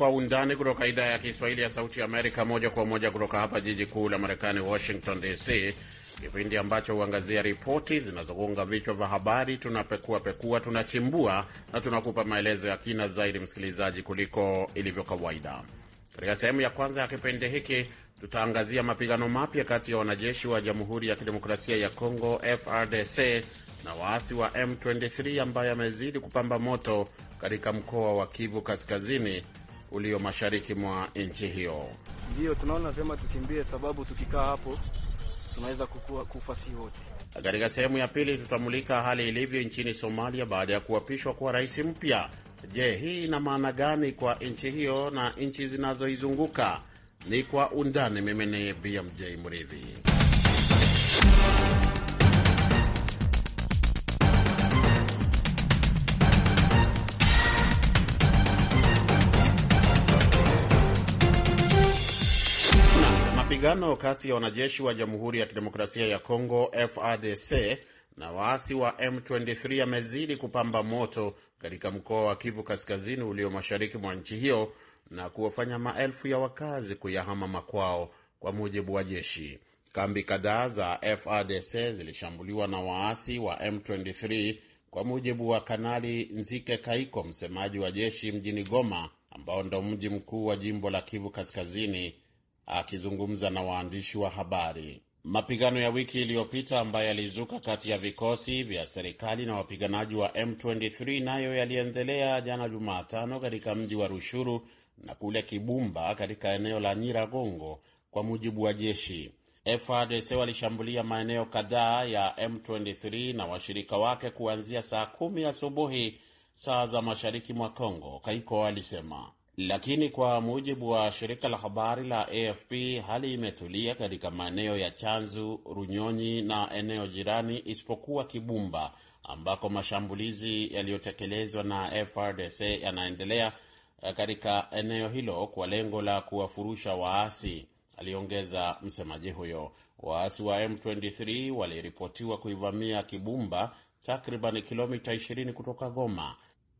Kwa Undani kutoka idhaa ya Kiswahili ya Sauti ya Amerika, moja kwa moja kutoka hapa jiji kuu la Marekani, Washington DC, kipindi ambacho huangazia ripoti zinazogonga vichwa vya habari. Tunapekua pekua, tunachimbua na tunakupa maelezo ya kina zaidi, msikilizaji, kuliko ilivyo kawaida. Katika sehemu ya kwanza ya kipindi hiki tutaangazia mapigano mapya kati ya wanajeshi wa Jamhuri ya Kidemokrasia ya congo FRDC na waasi wa M23 ambayo amezidi kupamba moto katika mkoa wa Kivu Kaskazini ulio mashariki mwa nchi hiyo. Ndiyo tunaona vyema tukimbie, sababu tukikaa hapo tunaweza kufa si wote. Katika sehemu ya pili tutamulika hali ilivyo nchini Somalia baada ya kuapishwa kwa rais mpya. Je, hii ina maana gani kwa nchi hiyo na nchi zinazoizunguka? Ni kwa undani. Mimi ni BMJ Mridhi. Mapigano kati ya wanajeshi wa Jamhuri ya Kidemokrasia ya Kongo fadc na waasi wa M23 yamezidi kupamba moto katika mkoa wa Kivu Kaskazini ulio mashariki mwa nchi hiyo na kuwafanya maelfu ya wakazi kuyahama makwao, kwa mujibu wa jeshi. Kambi kadhaa za FARDC zilishambuliwa na waasi wa M23 kwa mujibu wa Kanali Nzike Kaiko, msemaji wa jeshi mjini Goma, ambao ndo mji mkuu wa jimbo la Kivu Kaskazini akizungumza na waandishi wa habari. Mapigano ya wiki iliyopita ambayo yalizuka kati ya vikosi vya serikali na wapiganaji wa M23 nayo yaliendelea jana Jumatano katika mji wa Rushuru na kule Kibumba katika eneo la Nyiragongo, kwa mujibu wa jeshi. FARDC walishambulia maeneo kadhaa ya M23 na washirika wake kuanzia saa kumi asubuhi saa za mashariki mwa congo Kaiko alisema. Lakini kwa mujibu wa shirika la habari la AFP, hali imetulia katika maeneo ya Chanzu, Runyonyi na eneo jirani, isipokuwa Kibumba ambako mashambulizi yaliyotekelezwa na FRDC yanaendelea eh, katika eneo hilo kwa lengo la kuwafurusha waasi, aliongeza msemaji huyo. Waasi wa M23 waliripotiwa kuivamia Kibumba, takriban kilomita 20 kutoka Goma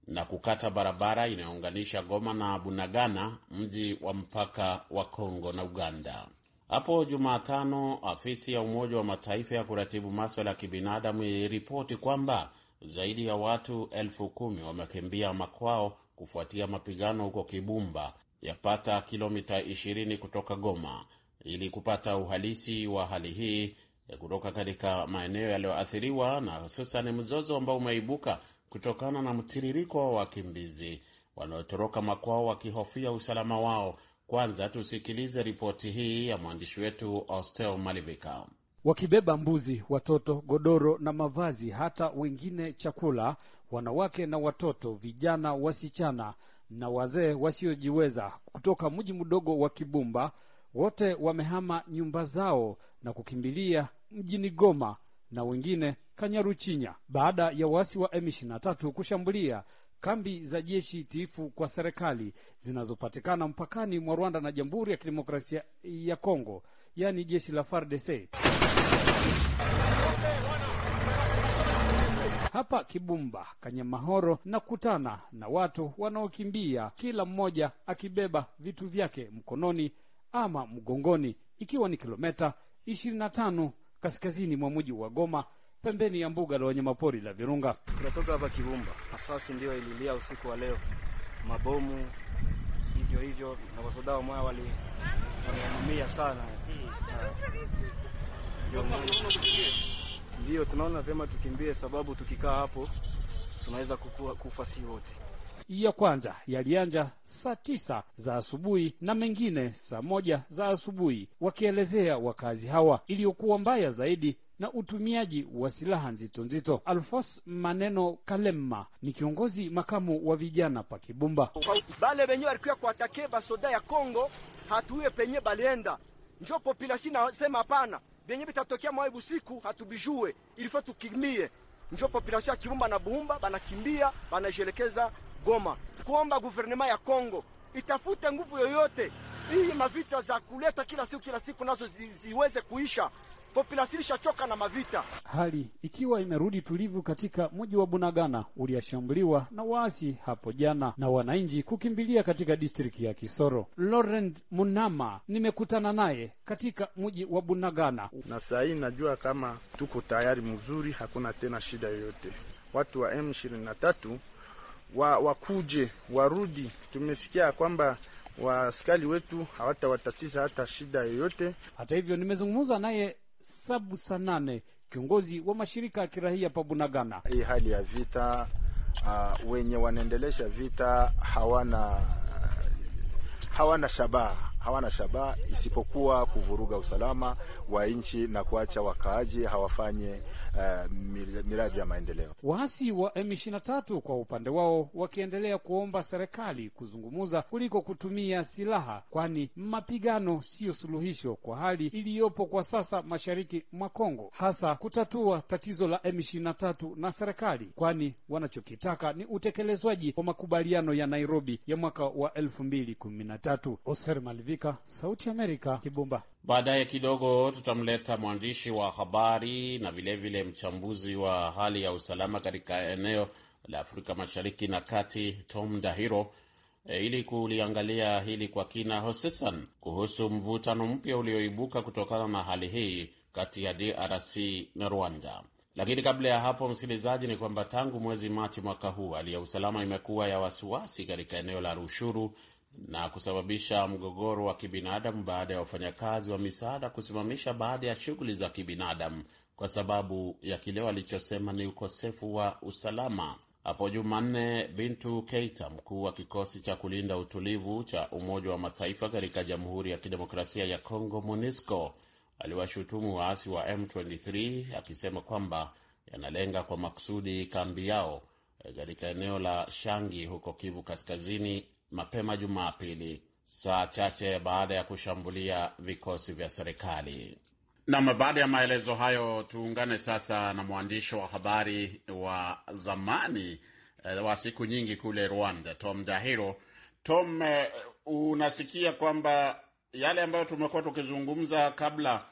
na kukata barabara inayounganisha Goma na Bunagana, mji wa mpaka wa Kongo na Uganda. Hapo Jumatano, afisi ya Umoja wa Mataifa ya kuratibu maswala ya kibinadamu iliripoti kwamba zaidi ya watu elfu kumi wamekimbia makwao kufuatia mapigano huko Kibumba, yapata kilomita 20 kutoka Goma. Ili kupata uhalisi wa hali hii kutoka katika maeneo yaliyoathiriwa na hususan mzozo ambao umeibuka kutokana na mtiririko wa wakimbizi wanaotoroka makwao wakihofia usalama wao. Kwanza tusikilize ripoti hii ya mwandishi wetu Austel Malivika. Wakibeba mbuzi, watoto, godoro na mavazi, hata wengine chakula, wanawake na watoto, vijana, wasichana na wazee wasiojiweza kutoka mji mdogo wa Kibumba, wote wamehama nyumba zao na kukimbilia mjini Goma na wengine Kanyaruchinya baada ya waasi wa M23 kushambulia kambi za jeshi tiifu kwa serikali zinazopatikana mpakani mwa Rwanda na Jamhuri ya Kidemokrasia ya Kongo, yaani jeshi la FARDC. Hapa Kibumba Kanyamahoro nakutana na watu wanaokimbia, kila mmoja akibeba vitu vyake mkononi ama mgongoni, ikiwa ni kilometa 25 kaskazini mwa mji wa Goma pembeni ya mbuga la wanyamapori la Virunga. Tunatoka hapa Kibumba, asasi ndio ililia usiku wa leo, mabomu hivyo hivyo, na wasoda wa mwaya waliumia sana. ndio tunaona vyema tukimbie, sababu tukikaa hapo tunaweza kufa si wote. Ya kwanza yalianja saa tisa za asubuhi na mengine saa moja za asubuhi, wakielezea wakazi hawa. Iliyokuwa mbaya zaidi na utumiaji wa silaha nzito nzito. Alfos Maneno Kalema ni kiongozi makamu wa vijana pa Kibumba. Bale benye walikuya kuatake basoda ya Kongo, hatuye penye balienda, njo populasi nasema hapana, benye bitatokea mwai busiku hatubijue, ilifo tukimie, njo populasi ya Kibumba na Buumba banakimbia banajelekeza Goma kuomba guvernema ya Kongo itafute nguvu yoyote, hii mavita za kuleta kila siku kila siku nazo ziweze kuisha populasi ilishachoka na mavita. Hali ikiwa imerudi tulivu katika mji wa Bunagana uliashambuliwa na waasi hapo jana na wananchi kukimbilia katika distriki ya Kisoro. Laurent Munama nimekutana naye katika mji wa Bunagana. Na saa hii najua kama tuko tayari mzuri, hakuna tena shida yoyote. Watu wa M23 wa wakuje warudi, tumesikia kwamba waaskari wetu hawatawatatiza hata shida yoyote. Hata hivyo nimezungumza naye Sabu Sanane, kiongozi wa mashirika ya kirahia Pabunagana. Hii hali ya vita uh, wenye wanaendelesha vita hawana hawana shabaha hawana shabaha isipokuwa kuvuruga usalama wa nchi na kuacha wakaaji hawafanye uh, miradi ya maendeleo. Waasi wa M23 kwa upande wao wakiendelea kuomba serikali kuzungumza kuliko kutumia silaha, kwani mapigano siyo suluhisho kwa hali iliyopo kwa sasa mashariki mwa Kongo, hasa kutatua tatizo la M23 na serikali, kwani wanachokitaka ni utekelezwaji wa makubaliano ya Nairobi ya mwaka wa elfu mbili kumi na tatu. Oser Malivika, Sauti Amerika, Kibumba. Baadaye kidogo tutamleta mwandishi wa habari na vilevile mchambuzi wa hali ya usalama katika eneo la Afrika Mashariki na Kati, Tom Dahiro e, ili kuliangalia hili kwa kina, hususan kuhusu mvutano mpya ulioibuka kutokana na hali hii kati ya DRC na Rwanda. Lakini kabla ya hapo, msikilizaji, ni kwamba tangu mwezi Machi mwaka huu hali ya usalama imekuwa ya wasiwasi katika eneo la Rushuru na kusababisha mgogoro wa kibinadamu baada ya wafanyakazi wa misaada kusimamisha baadhi ya shughuli za kibinadamu kwa sababu ya kile walichosema ni ukosefu wa usalama. Hapo Jumanne, Bintu Keita, mkuu wa kikosi cha kulinda utulivu cha Umoja wa Mataifa katika Jamhuri ya Kidemokrasia ya Kongo, MONUSCO, aliwashutumu waasi wa M23 akisema kwamba yanalenga kwa makusudi kambi yao eh, katika eneo la Shangi huko Kivu Kaskazini, mapema Jumapili, saa chache baada ya kushambulia vikosi vya serikali. Nam, baada ya maelezo hayo, tuungane sasa na mwandishi wa habari wa zamani eh, wa siku nyingi kule Rwanda, Tom Dahiro. Tom, eh, unasikia kwamba yale ambayo tumekuwa tukizungumza kabla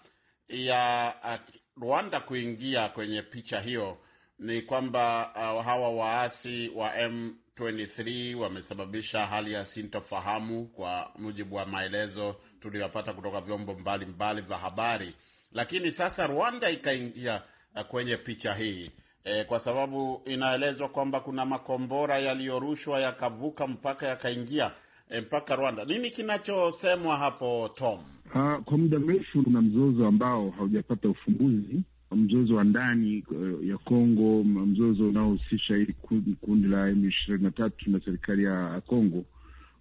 ya eh, Rwanda kuingia kwenye picha hiyo ni kwamba hawa waasi wa M 23 wamesababisha hali ya sintofahamu kwa mujibu wa maelezo tuliyopata kutoka vyombo mbalimbali vya habari. Lakini sasa Rwanda ikaingia eh, kwenye picha hii e, kwa sababu inaelezwa kwamba kuna makombora yaliyorushwa yakavuka mpaka yakaingia e, mpaka Rwanda. Nini kinachosemwa hapo Tom? Ha, ah, kwa muda mrefu kuna mzozo ambao haujapata ufumbuzi mzozo wa ndani uh, ya Kongo, mzozo unaohusisha hili kundi la M ishirini na tatu na serikali ya Kongo,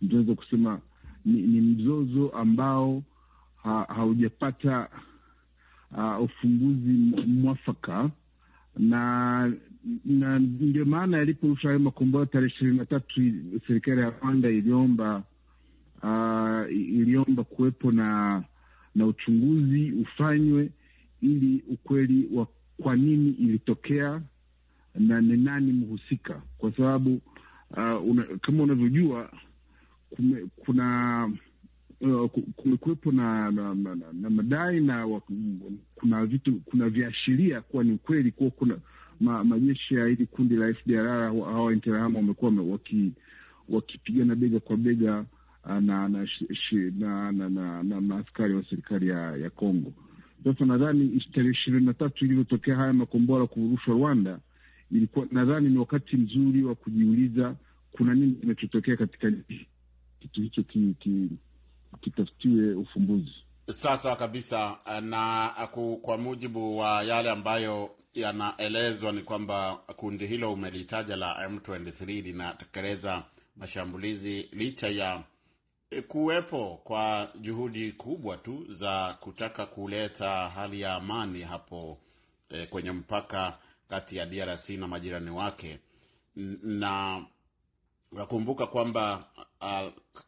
mzozo kusema ni, ni mzozo ambao ha, haujapata uh, ufumbuzi mwafaka na na ndio maana yaliporusha hayo makombora tarehe ishirini na tatu serikali ya Rwanda iliomba uh, iliomba kuwepo na na uchunguzi ufanywe ili ukweli wa kwa nini ilitokea na ni nani mhusika, kwa sababu uh, una, kama unavyojua kuna uh, kumekuwepo na, na, na, na, na madai na kuna vitu, kuna viashiria kuwa ni ukweli kuwa kuna ma, majeshi ya hili kundi la FDLR hawa Interahamwe wamekuwa wakipigana waki bega kwa bega uh, na na, na, na, na, na, na askari wa serikali ya, ya Kongo sasa nadhani tarehe ishirini na tatu ilivyotokea haya makombora kurushwa Rwanda, ilikuwa nadhani ni wakati mzuri wa kujiuliza kuna nini kinachotokea katika kitu hicho, kitafutiwe ufumbuzi sasa kabisa. Na kwa mujibu wa yale ambayo yanaelezwa ni kwamba kundi hilo umelitaja la M23 linatekeleza mashambulizi licha ya Eh, kuwepo kwa juhudi kubwa tu za kutaka kuleta hali ya amani hapo e, kwenye mpaka kati ya DRC na majirani wake, na nakumbuka kwamba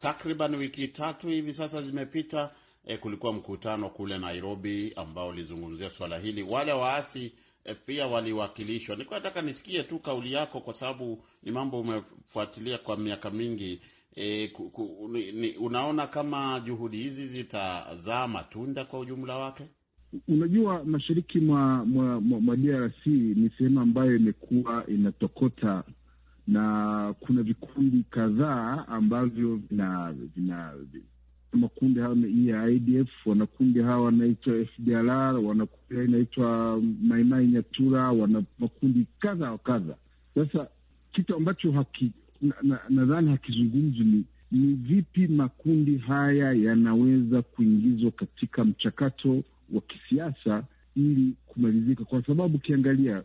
takriban wiki tatu hivi sasa zimepita. E, kulikuwa mkutano kule Nairobi ambao ulizungumzia swala hili. Wale waasi e, pia waliwakilishwa. Nilikuwa nataka nisikie tu kauli yako, kwa sababu ni mambo umefuatilia kwa miaka mingi e, ku, ku, ni, ni, unaona kama juhudi hizi zitazaa matunda kwa ujumla wake? Unajua, mashariki mwa, mwa, mwa, mwa DRC ni sehemu ambayo imekuwa inatokota na kuna vikundi kadhaa ambavyo vina vina makundi hayo ya e IDF, wanakundi hawa wanaitwa FDLR, wanakundi inaitwa Maimai Nyatura, wana makundi kadha wa kadha. Sasa kitu ambacho nadhani na, na hakizungumzi ni ni vipi makundi haya yanaweza kuingizwa katika mchakato wa kisiasa ili kumalizika, kwa sababu ukiangalia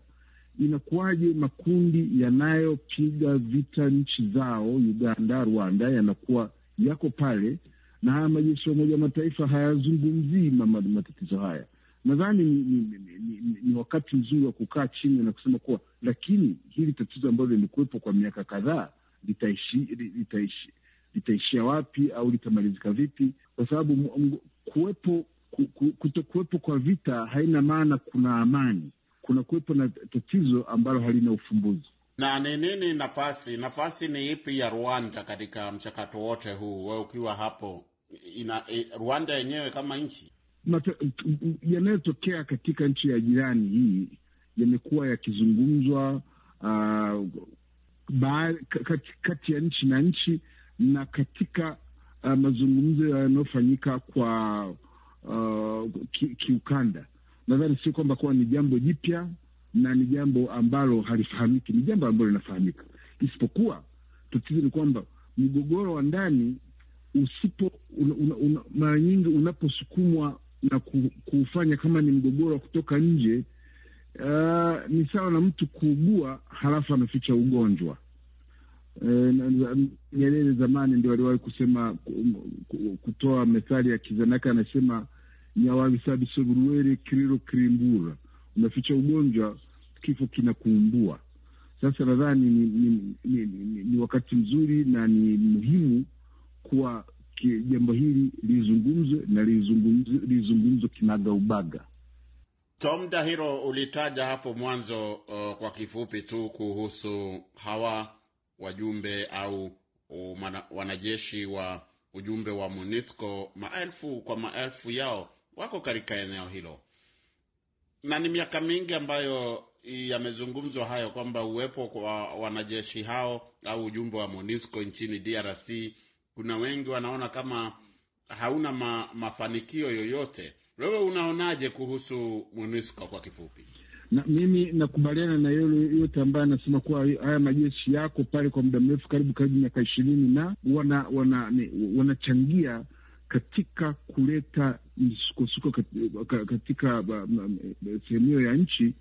inakuwaje makundi yanayopiga vita nchi zao Uganda, Rwanda yanakuwa yako pale na haya majeshi ya Umoja wa Mataifa hayazungumzii matatizo haya. Nadhani ni, ni, ni, ni, ni wakati mzuri wa kukaa chini na kusema kuwa, lakini hili tatizo ambalo lilikuwepo kwa miaka kadhaa litaishia litaishi, wapi au litamalizika vipi? Kwa sababu kuwepo kutokuwepo kwa vita haina maana kuna amani, kuna kuwepo na tatizo ambalo halina ufumbuzi. Na ni nini nafasi nafasi ni ipi ya Rwanda katika mchakato wote huu, wewe ukiwa hapo? Ina, e, Rwanda yenyewe kama nchi, yanayotokea katika nchi ya jirani hii yamekuwa yakizungumzwa uh, kati, kati ya nchi na nchi na katika uh, mazungumzo yanayofanyika kwa uh, ki, kiukanda. Nadhani sio kwamba kuwa ni jambo jipya na ni jambo ambalo halifahamiki, ni jambo ambalo linafahamika, isipokuwa tatizo ni kwamba mgogoro wa ndani usipo mara nyingi unaposukumwa na kuufanya kama ni mgogoro wa kutoka nje uh, eh, ni sawa na mtu kuugua halafu ameficha ugonjwa. Eh, Nyerere zamani ndio aliwahi kusema kutoa methali ya Kizanaka, anasema nyawavisabisoburuwere kiriro kirimbura, unaficha ugonjwa kifo kinakuumbua. Sasa nadhani ni, ni, ni, ni, ni wakati mzuri na ni muhimu kuwa jambo hili lizungumzwe na lizungumzwe ubaga Tom Dahiro, ulitaja hapo mwanzo uh, kwa kifupi tu kuhusu hawa wajumbe au uh, mana, wanajeshi wa ujumbe wa MONUSCO, maelfu kwa maelfu yao wako katika eneo hilo, na ni miaka mingi ambayo yamezungumzwa hayo kwamba uwepo kwa wanajeshi hao au ujumbe wa MONUSCO nchini DRC, kuna wengi wanaona kama hauna ma, mafanikio yoyote wewe unaonaje kuhusu MONUSCO kwa kifupi? Na, mimi nakubaliana na yule yote ambaye anasema kuwa haya majeshi yako pale kwa muda mrefu karibu karibu miaka ishirini na wana wanachangia wana katika kuleta msukosuko katika sehemu hiyo ya nchi,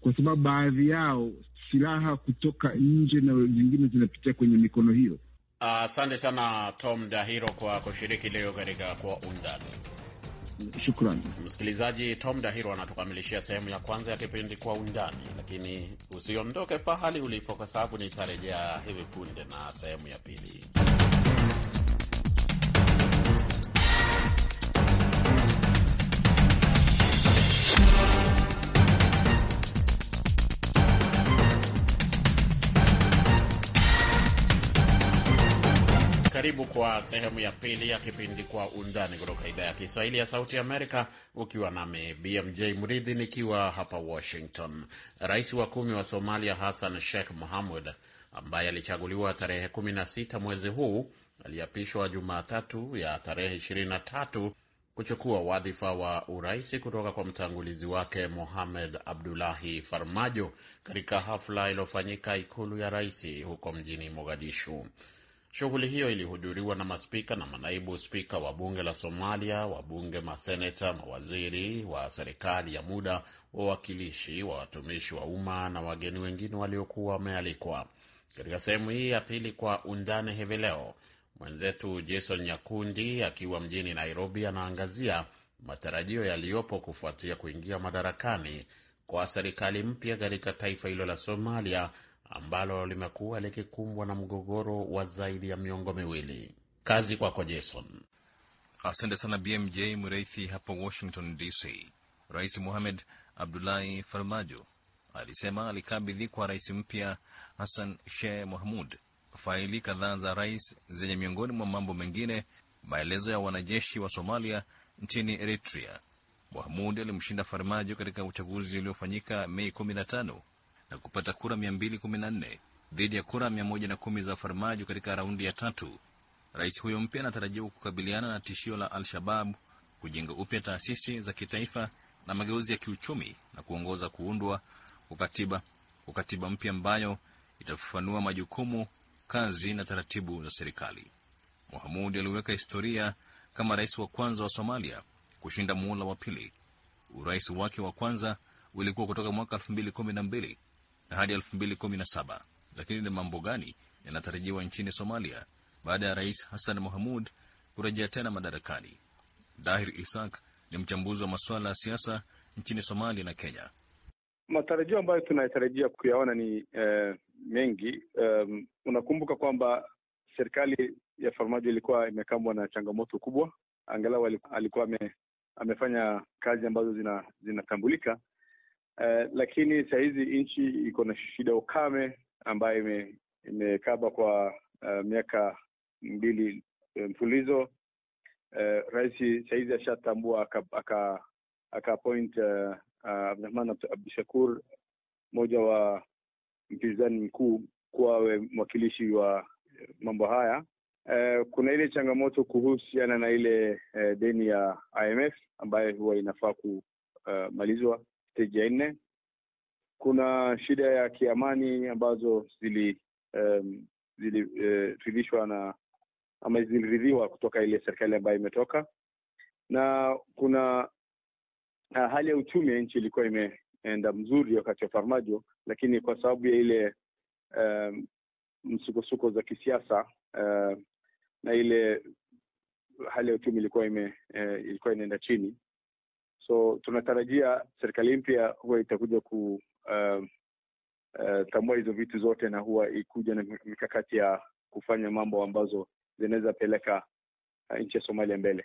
kwa sababu baadhi yao silaha kutoka nje na zingine zinapitia kwenye mikono hiyo. Asante uh, sana Tom Dahiro kwa kushiriki leo katika kwa undani. Shukran msikilizaji. Tom Dahiro anatukamilishia sehemu ya kwanza ya kipindi Kwa Undani, lakini usiondoke pahali ulipo, kwa sababu nitarejea hivi punde na sehemu ya pili. Karibu kwa sehemu ya pili ya kipindi Kwa Undani kutoka idhaa ya Kiswahili ya Sauti Amerika, ukiwa nami BMJ Mridhi nikiwa hapa Washington. Rais wa kumi wa Somalia Hassan Sheikh Mohamud ambaye alichaguliwa tarehe 16 mwezi huu aliapishwa Jumatatu ya tarehe 23 kuchukua wadhifa wa urais kutoka kwa mtangulizi wake Mohamed Abdullahi Farmajo katika hafla iliyofanyika ikulu ya rais huko mjini Mogadishu. Shughuli hiyo ilihudhuriwa na maspika na manaibu spika wa bunge la Somalia, wabunge, maseneta, mawaziri wa serikali ya muda, wawakilishi wa watumishi wa umma na wageni wengine waliokuwa wamealikwa. Katika sehemu hii ya pili kwa undani hivi leo, mwenzetu Jason Nyakundi akiwa mjini Nairobi anaangazia matarajio yaliyopo kufuatia kuingia madarakani kwa serikali mpya katika taifa hilo la Somalia ambalo limekuwa likikumbwa na mgogoro wa zaidi ya miongo miwili. Kazi kwako Jason. Asante sana BMJ Mreithi hapo Washington DC. Rais Mohamed Abdullahi Farmajo alisema alikabidhi kwa rais mpya Hassan sheh mahmud faili kadhaa za rais zenye miongoni mwa mambo mengine maelezo ya wanajeshi wa Somalia nchini Eritrea. mahmud alimshinda Farmajo katika uchaguzi uliofanyika Mei na kupata kura 214 dhidi ya kura 110 za Farmajo katika raundi ya tatu. Rais huyo mpya anatarajiwa kukabiliana na tishio la Al-Shabab, kujenga upya taasisi za kitaifa na mageuzi ya kiuchumi na kuongoza kuundwa kwa katiba kwa katiba mpya ambayo itafafanua majukumu, kazi na taratibu za serikali. Mohamud aliweka historia kama rais wa kwanza wa Somalia kushinda muhula wa pili. Urais wake wa kwanza ulikuwa kutoka mwaka hadi 2017. Lakini ni mambo gani yanatarajiwa nchini Somalia baada ya Rais Hassan Mohamud kurejea tena madarakani? Dahir Isak ni mchambuzi wa masuala ya siasa nchini Somalia na Kenya. Matarajio ambayo tunayatarajia kuyaona ni eh, mengi. Um, unakumbuka kwamba serikali ya Farmajo ilikuwa imekambwa na changamoto kubwa, angalau alikuwa ame, amefanya kazi ambazo zinatambulika zina Eh, lakini sahizi nchi iko na shida ukame ambayo imekaba kwa uh, miaka mbili eh, mfululizo. Uh, rais sahizi ashatambua aka aka uh, uh, Abdurahman Abdushakur mmoja wa mpinzani mkuu kuwa mwakilishi wa mambo haya. Uh, kuna ile changamoto kuhusiana na ile uh, deni ya IMF ambayo huwa inafaa kumalizwa uh, steji ya nne. Kuna shida ya kiamani ambazo zili um, ziliridhishwa e, uh, na ama ziliridhiwa kutoka ile serikali ambayo imetoka, na kuna uh, hali ya uchumi ya nchi ilikuwa imeenda mzuri wakati wa Farmajo, lakini kwa sababu ya ile um, msukosuko za kisiasa uh, na ile hali ya uchumi ilikuwa ime, uh, ilikuwa inaenda chini So tunatarajia serikali mpya huwa itakuja ku uh, uh, tambua hizo vitu zote na huwa ikuja na mikakati ya kufanya mambo ambazo zinaweza peleka uh, nchi ya Somalia mbele.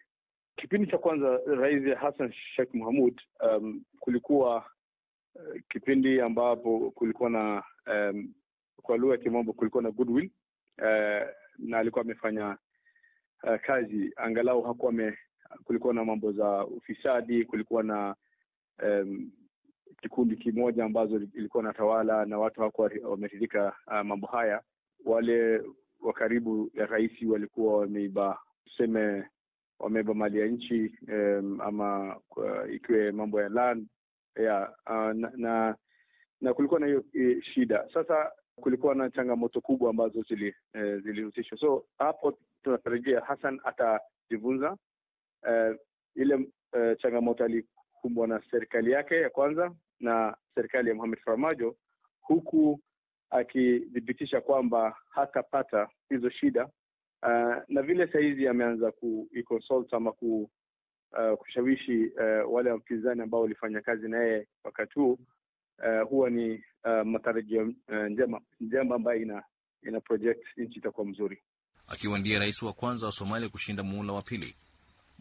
Kipindi cha kwanza Rais Hassan Sheikh Mohamud, um, kulikuwa uh, kipindi ambapo kulikuwa na um, kwa lugha ya kimombo kulikuwa na goodwill uh, na alikuwa amefanya uh, kazi angalau hakuwa kulikuwa na mambo za ufisadi kulikuwa na um, kikundi kimoja ambazo ilikuwa na tawala na watu wako wameridhika uh, mambo haya wale wa karibu ya rais walikuwa wameiba tuseme wameiba mali ya nchi um, ama uh, ikiwe mambo ya land yeah, uh, na, na na kulikuwa na hiyo e, shida sasa kulikuwa na changamoto kubwa ambazo eh, zilihusishwa e, zili so hapo tunatarajia hasan atajivunza uh, ile uh, changamoto alikumbwa na serikali yake ya kwanza na serikali ya Mohamed Farmajo, huku akithibitisha kwamba hatapata hizo shida uh, na vile sahizi ameanza kuiconsult ama ku, uh, kushawishi uh, wale wapinzani ambao walifanya kazi na yeye wakati huu uh, huwa ni uh, matarajio uh, njema njema ambayo ina, ina project nchi itakuwa mzuri, akiwa ndiye rais wa kwanza wa Somalia kushinda muhula wa pili.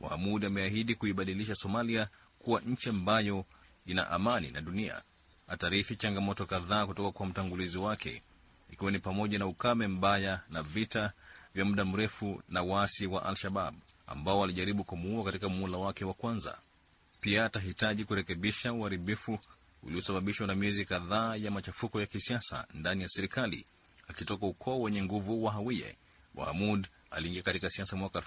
Mahamud ameahidi kuibadilisha Somalia kuwa nchi ambayo ina amani na dunia. Atarithi changamoto kadhaa kutoka kwa mtangulizi wake, ikiwa ni pamoja na ukame mbaya na vita vya muda mrefu na waasi wa Al-Shabab ambao walijaribu kumuua katika muhula wake wa kwanza. Pia atahitaji kurekebisha uharibifu uliosababishwa na miezi kadhaa ya machafuko ya kisiasa ndani ya serikali. Akitoka ukoo wenye nguvu wa Hawiye, Mahamud aliingia katika siasa mwaka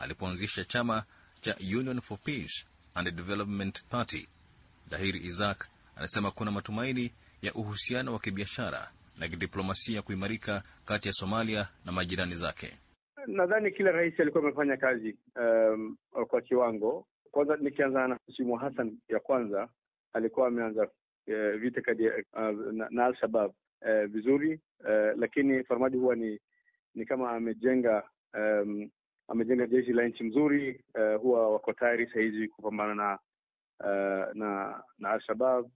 alipoanzisha chama cha Union for Peace and Development Party. Dahir Isaac anasema kuna matumaini ya uhusiano wa kibiashara na kidiplomasia kuimarika kati ya Somalia na majirani zake. Nadhani kila rais alikuwa amefanya kazi um, kwa kiwango. Kwanza nikianza na Mheshimiwa Hassan ya kwanza alikuwa ameanza uh, vita kadi, uh, na, na Al-Shabab uh, eh, vizuri uh, lakini farmaji huwa ni ni kama amejenga um, amejenga jeshi la nchi mzuri uh, huwa wako tayari sahizi kupambana na uh, na na Alshabab.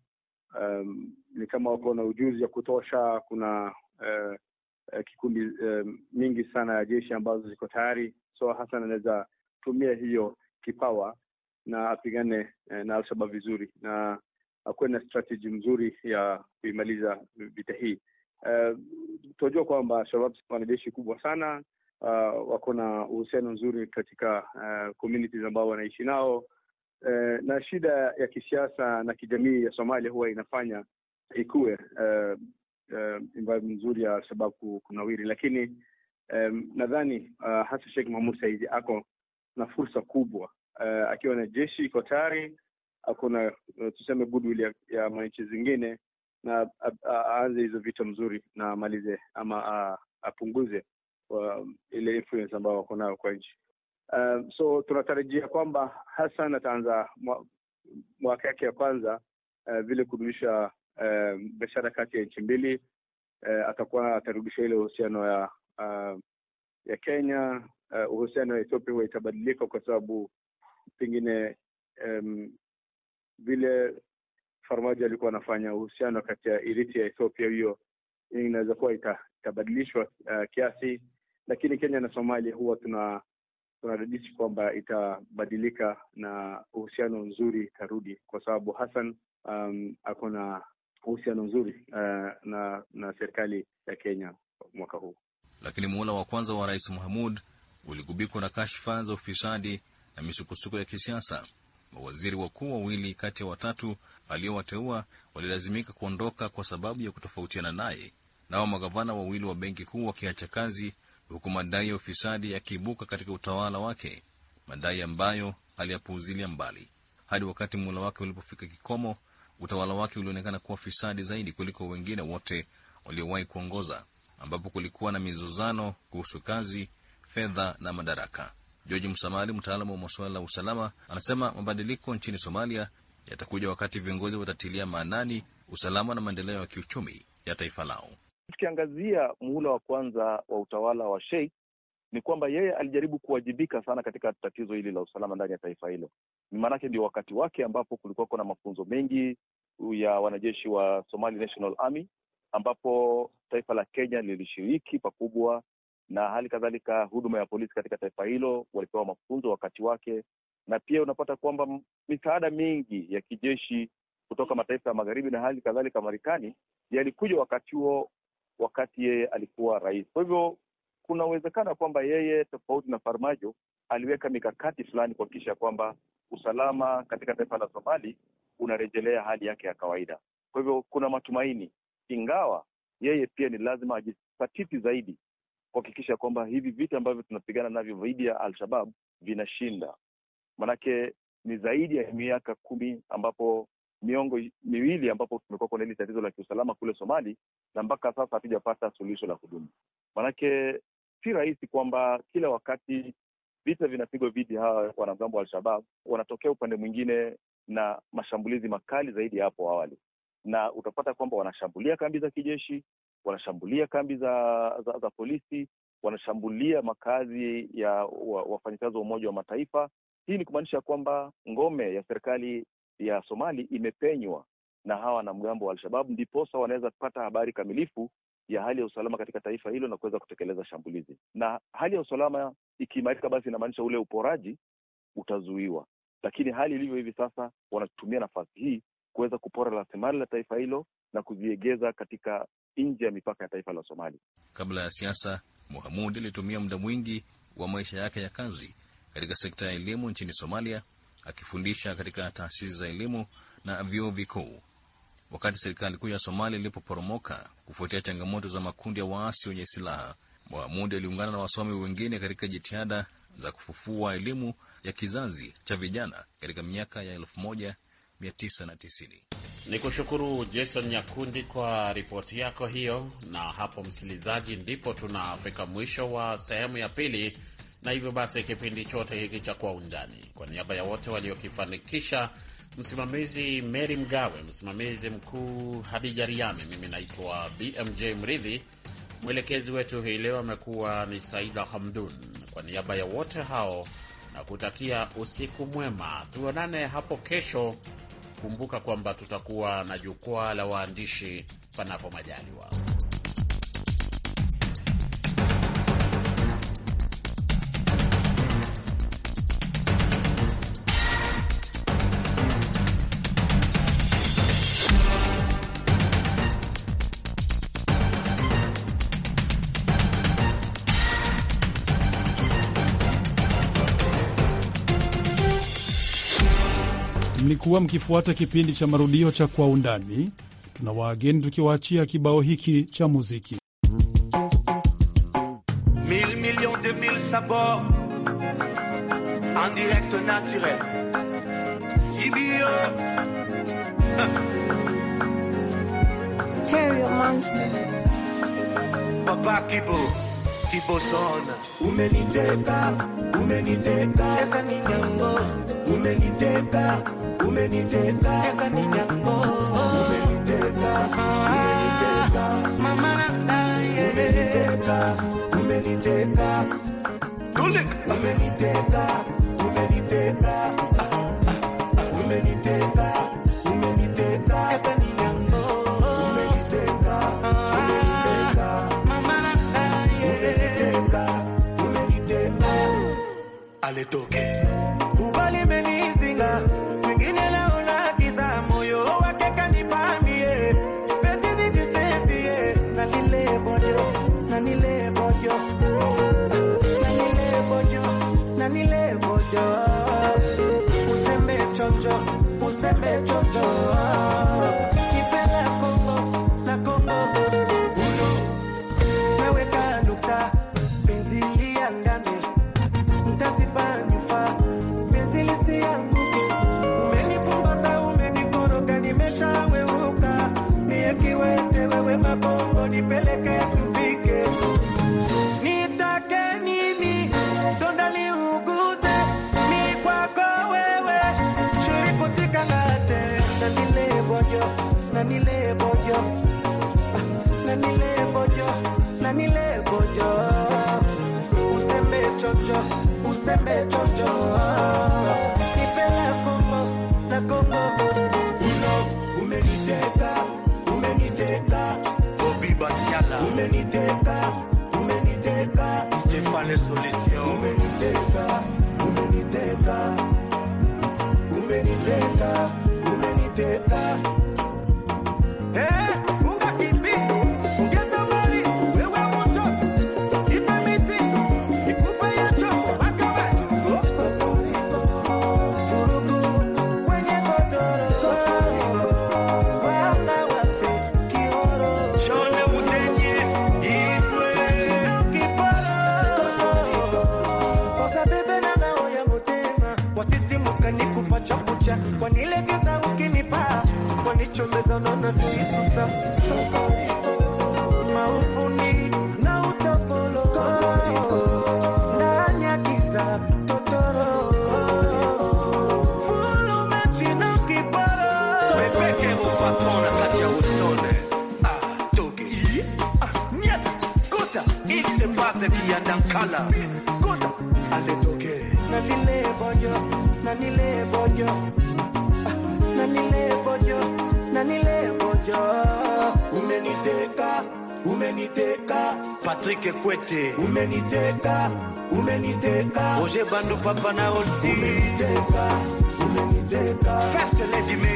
Um, ni kama wako na ujuzi wa kutosha. Kuna uh, kikundi um, mingi sana ya jeshi ambazo ziko tayari, so hasan anaweza tumia hiyo kipawa na apigane na Alshabab vizuri na akuwe na strategy mzuri ya kuimaliza vita hii. Uh, tunajua kwamba Alshabab wana jeshi kubwa sana uh, wako na uhusiano nzuri katika uh, communities ambao wanaishi nao uh, na shida ya kisiasa na kijamii ya Somalia huwa inafanya ikuwe uh, uh, nzuri ya sababu kunawiri, lakini um, nadhani uh, hasa Sheikh Mahmud Saidi ako na fursa kubwa uh, akiwa na jeshi iko tayari, ako na uh, tuseme goodwill ya, ya manchi zingine na aanze hizo vita mzuri na amalize ama a, apunguze um, ile influence ambayo wako nayo kwa nchi um, so tunatarajia kwamba Hassan ataanza mwaka yake ya kwanza uh, vile kurudisha um, biashara kati ya nchi mbili uh, atakuwa atarudisha ile uhusiano ya uh, ya Kenya uh, uhusiano wa Ethiopia huwa itabadilika kwa sababu pengine um, vile farmaja alikuwa anafanya uhusiano kati ya Eritrea Ethiopia, hiyo inaweza kuwa itabadilishwa uh, kiasi lakini Kenya na Somalia huwa tuna tunadadisi kwamba itabadilika na uhusiano nzuri itarudi, kwa sababu Hassan um, ako na uhusiano nzuri uh, na na serikali ya Kenya mwaka huu. Lakini muhula wa kwanza wa Rais Mahmud uligubikwa na kashfa za ufisadi na misukosuko ya kisiasa. Mawaziri wakuu wawili kati ya watatu aliowateua walilazimika kuondoka kwa sababu ya kutofautiana naye, nao magavana wawili wa benki kuu wakiacha kazi huku madai ya ufisadi yakiibuka katika utawala wake, madai ambayo aliyapuuzilia mbali hadi wakati mula wake ulipofika kikomo. Utawala wake ulionekana kuwa fisadi zaidi kuliko wengine wote waliowahi kuongoza, ambapo kulikuwa na mizozano kuhusu kazi, fedha na madaraka. jorji Msamali, mtaalamu wa masuala ya usalama, anasema mabadiliko nchini Somalia yatakuja wakati viongozi watatilia maanani usalama na maendeleo ya kiuchumi ya taifa lao. Tukiangazia muhula wa kwanza wa utawala wa Sheikh ni kwamba yeye alijaribu kuwajibika sana katika tatizo hili la usalama ndani ya taifa hilo. Maanake ndio wakati wake ambapo kulikuwa kuna mafunzo mengi ya wanajeshi wa Somali National Army, ambapo taifa la Kenya lilishiriki pakubwa, na hali kadhalika huduma ya polisi katika taifa hilo walipewa mafunzo wakati wake, na pia unapata kwamba misaada mingi ya kijeshi kutoka mataifa ya magharibi na hali kadhalika Marekani yalikuja wakati huo wakati yeye alikuwa rais. Kwa hivyo kuna uwezekano kwamba yeye tofauti na Farmajo aliweka mikakati fulani kuhakikisha kwamba usalama katika taifa la Somali unarejelea hali yake ya kawaida. Kwa hivyo kuna matumaini, ingawa yeye pia ni lazima ajisatiti zaidi kuhakikisha kwamba hivi vita ambavyo tunapigana navyo dhidi ya Al-Shabab vinashinda, manake ni zaidi ya miaka kumi ambapo miongo miwili ambapo tumekuwa kuna hili tatizo la kiusalama kule Somali, na mpaka sasa hatujapata suluhisho la kudumu. Manake si rahisi kwamba kila wakati vita vinapigwa dhidi hawa wanamgambo wa alshabab wanatokea upande mwingine na mashambulizi makali zaidi ya hapo awali, na utapata kwamba wanashambulia kambi za kijeshi, wanashambulia kambi za, za, za polisi, wanashambulia makazi ya wafanyakazi wa Umoja wa Mataifa. Hii ni kumaanisha kwamba ngome ya serikali ya Somali imepenywa na hawa wanamgambo wa Al-Shabaab, ndiposa wanaweza kupata habari kamilifu ya hali ya usalama katika taifa hilo na kuweza kutekeleza shambulizi. Na hali ya usalama ikiimarika, basi inamaanisha ule uporaji utazuiwa, lakini hali ilivyo hivi sasa, wanatumia nafasi hii kuweza kupora rasilimali la taifa hilo na kuziegeza katika nje ya mipaka ya taifa la Somali. Kabla ya siasa, Mohamud alitumia muda mwingi wa maisha yake ya kazi katika sekta ya elimu nchini Somalia akifundisha katika taasisi za elimu na vyuo vikuu. Wakati serikali kuu ya Somalia ilipoporomoka kufuatia changamoto za makundi ya waasi wenye silaha, Mohamud aliungana na wasomi wengine katika jitihada za kufufua elimu ya kizazi cha vijana katika miaka ya 1990. Ni kushukuru Jason Nyakundi kwa ripoti yako hiyo. Na hapo msikilizaji, ndipo tunafika mwisho wa sehemu ya pili na hivyo basi kipindi chote hiki cha Kwa Undani, kwa niaba ya wote waliokifanikisha, msimamizi Meri Mgawe, msimamizi mkuu Hadija Riami, mimi naitwa BMJ Mridhi, mwelekezi wetu hii leo amekuwa ni Saida Hamdun. Kwa niaba ya wote hao na kutakia usiku mwema, tuonane hapo kesho. Kumbuka kwamba tutakuwa na jukwaa la waandishi panapo majaliwa. mlikuwa mkifuata kipindi cha marudio cha Kwa Undani. Tuna waageni tukiwaachia kibao hiki cha muziki mille millions de mille sabords en direct naturel Monster Papa Kibo Kibo Son umeniteka umeniteka Let's go. unataka nikupa chakucha, wanilegeza ukinipa, wanichomeza unaona visusa maufuni na utopolo ndani ya giza totoro fulumechi na kiporo nanilebojo nanilebojo, umeniteka umeniteka, Patrick Kwete umeniteka umeniteka, Oje Bandu papa na Olsi umeniteka umeniteka, First Lady